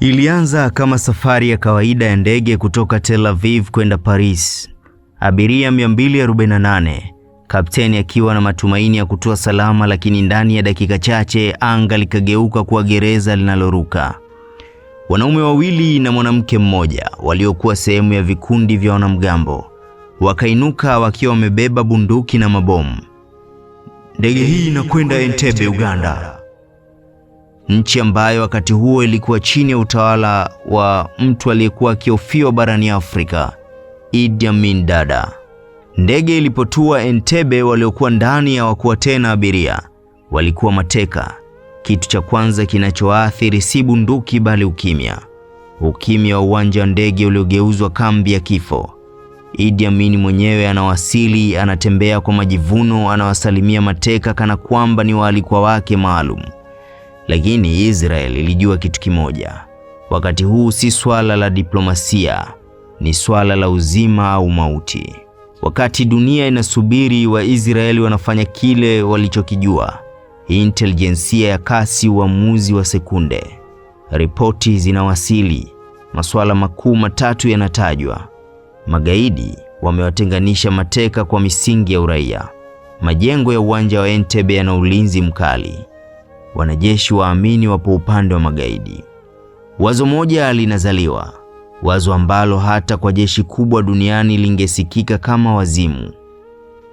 Ilianza kama safari ya kawaida ya ndege kutoka Tel Aviv kwenda Paris, abiria 248, kapteni akiwa na matumaini ya kutua salama, lakini ndani ya dakika chache anga likageuka kuwa gereza linaloruka. Wanaume wawili na mwanamke mmoja waliokuwa sehemu ya vikundi vya wanamgambo wakainuka wakiwa wamebeba bunduki na mabomu. Ndege hii inakwenda Entebbe, Uganda, nchi ambayo wakati huo ilikuwa chini ya utawala wa mtu aliyekuwa akiofiwa barani Afrika, Idi Amin Dada. Ndege ilipotua Entebbe, waliokuwa ndani hawakuwa tena abiria, walikuwa mateka. Kitu cha kwanza kinachoathiri si bunduki, bali ukimya, ukimya wa uwanja wa ndege uliogeuzwa kambi ya kifo. Idi Amin mwenyewe anawasili, anatembea kwa majivuno, anawasalimia mateka kana kwamba ni waalikwa wake maalum. Lakini Israel ilijua kitu kimoja: wakati huu si swala la diplomasia, ni swala la uzima au mauti. Wakati dunia inasubiri, Waisraeli wanafanya kile walichokijua. Hii intelijensia ya kasi, uamuzi wa sekunde. Ripoti zinawasili, masuala makuu matatu yanatajwa: magaidi wamewatenganisha mateka kwa misingi ya uraia, majengo ya uwanja wa Entebbe yana ulinzi mkali, wanajeshi waamini wapo upande wa magaidi. Wazo moja linazaliwa, wazo ambalo hata kwa jeshi kubwa duniani lingesikika kama wazimu.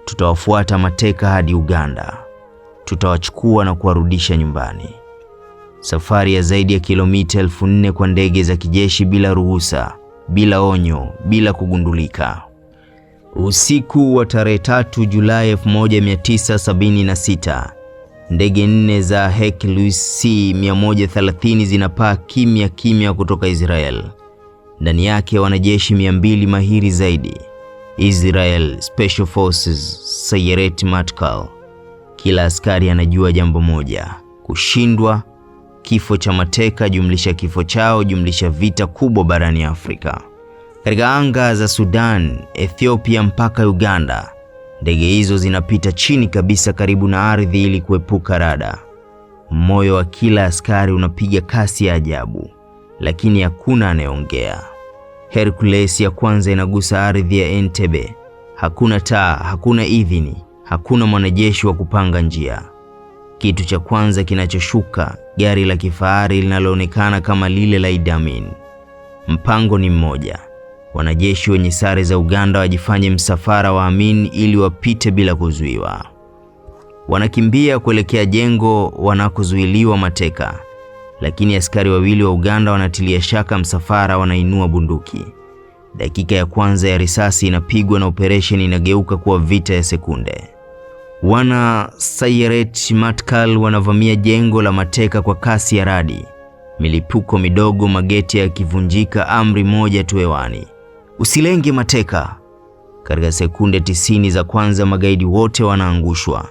Tutawafuata mateka hadi Uganda, tutawachukua na kuwarudisha nyumbani. Safari ya zaidi ya kilomita elfu nne kwa ndege za kijeshi, bila ruhusa, bila onyo, bila kugundulika. Usiku wa tarehe 3 Julai 1976 Ndege nne za Hercules C 130 zinapaa kimya kimya kutoka Israel. Ndani yake wanajeshi 200 mahiri zaidi, Israel Special Forces, Sayeret Matkal. Kila askari anajua jambo moja: kushindwa, kifo cha mateka jumlisha kifo chao jumlisha vita kubwa barani Afrika. Katika anga za Sudan, Ethiopia mpaka Uganda Ndege hizo zinapita chini kabisa karibu na ardhi ili kuepuka rada. Moyo wa kila askari unapiga kasi ya ajabu, lakini hakuna anayeongea. Hercules ya kwanza inagusa ardhi ya Entebbe. Hakuna taa, hakuna idhini, hakuna mwanajeshi wa kupanga njia. Kitu cha kwanza kinachoshuka, gari la kifahari linaloonekana kama lile la Idamin. Mpango ni mmoja wanajeshi wenye sare za Uganda wajifanye msafara wa Amin ili wapite bila kuzuiwa. Wanakimbia kuelekea jengo wanakozuiliwa mateka, lakini askari wawili wa Uganda wanatilia shaka msafara, wanainua bunduki. Dakika ya kwanza ya risasi inapigwa na operesheni inageuka kuwa vita ya sekunde. Wana Sayeret Matkal wanavamia jengo la mateka kwa kasi ya radi, milipuko midogo, mageti yakivunjika, amri moja tu hewani usilenge mateka. Katika sekunde tisini za kwanza magaidi wote wanaangushwa.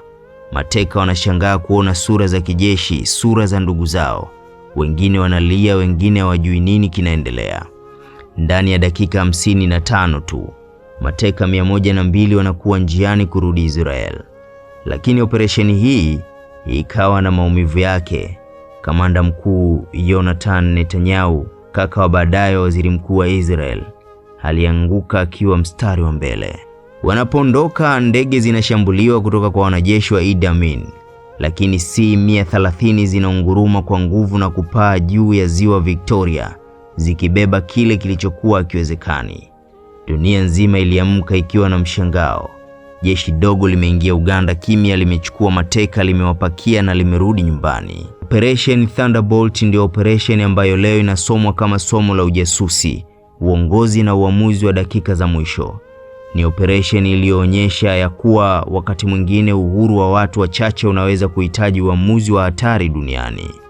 Mateka wanashangaa kuona sura za kijeshi, sura za ndugu zao. Wengine wanalia, wengine hawajui nini kinaendelea. Ndani ya dakika hamsini na tano tu mateka mia moja na mbili wanakuwa njiani kurudi Israel. Lakini operesheni hii ikawa na maumivu yake. Kamanda mkuu Yonathan Netanyahu, kaka wa baadaye wa waziri mkuu wa Israel, alianguka akiwa mstari wa mbele. Wanapoondoka, ndege zinashambuliwa kutoka kwa wanajeshi wa Idi Amin, lakini si 130 zinaunguruma kwa nguvu na kupaa juu ya ziwa Victoria zikibeba kile kilichokuwa hakiwezekani. Dunia nzima iliamka ikiwa na mshangao. Jeshi dogo limeingia Uganda kimya, limechukua mateka, limewapakia na limerudi nyumbani. Operation Thunderbolt ndio operation ambayo leo inasomwa kama somo la ujasusi uongozi na uamuzi wa dakika za mwisho. Ni operesheni iliyoonyesha ya kuwa wakati mwingine uhuru wa watu wachache unaweza kuhitaji uamuzi wa hatari duniani.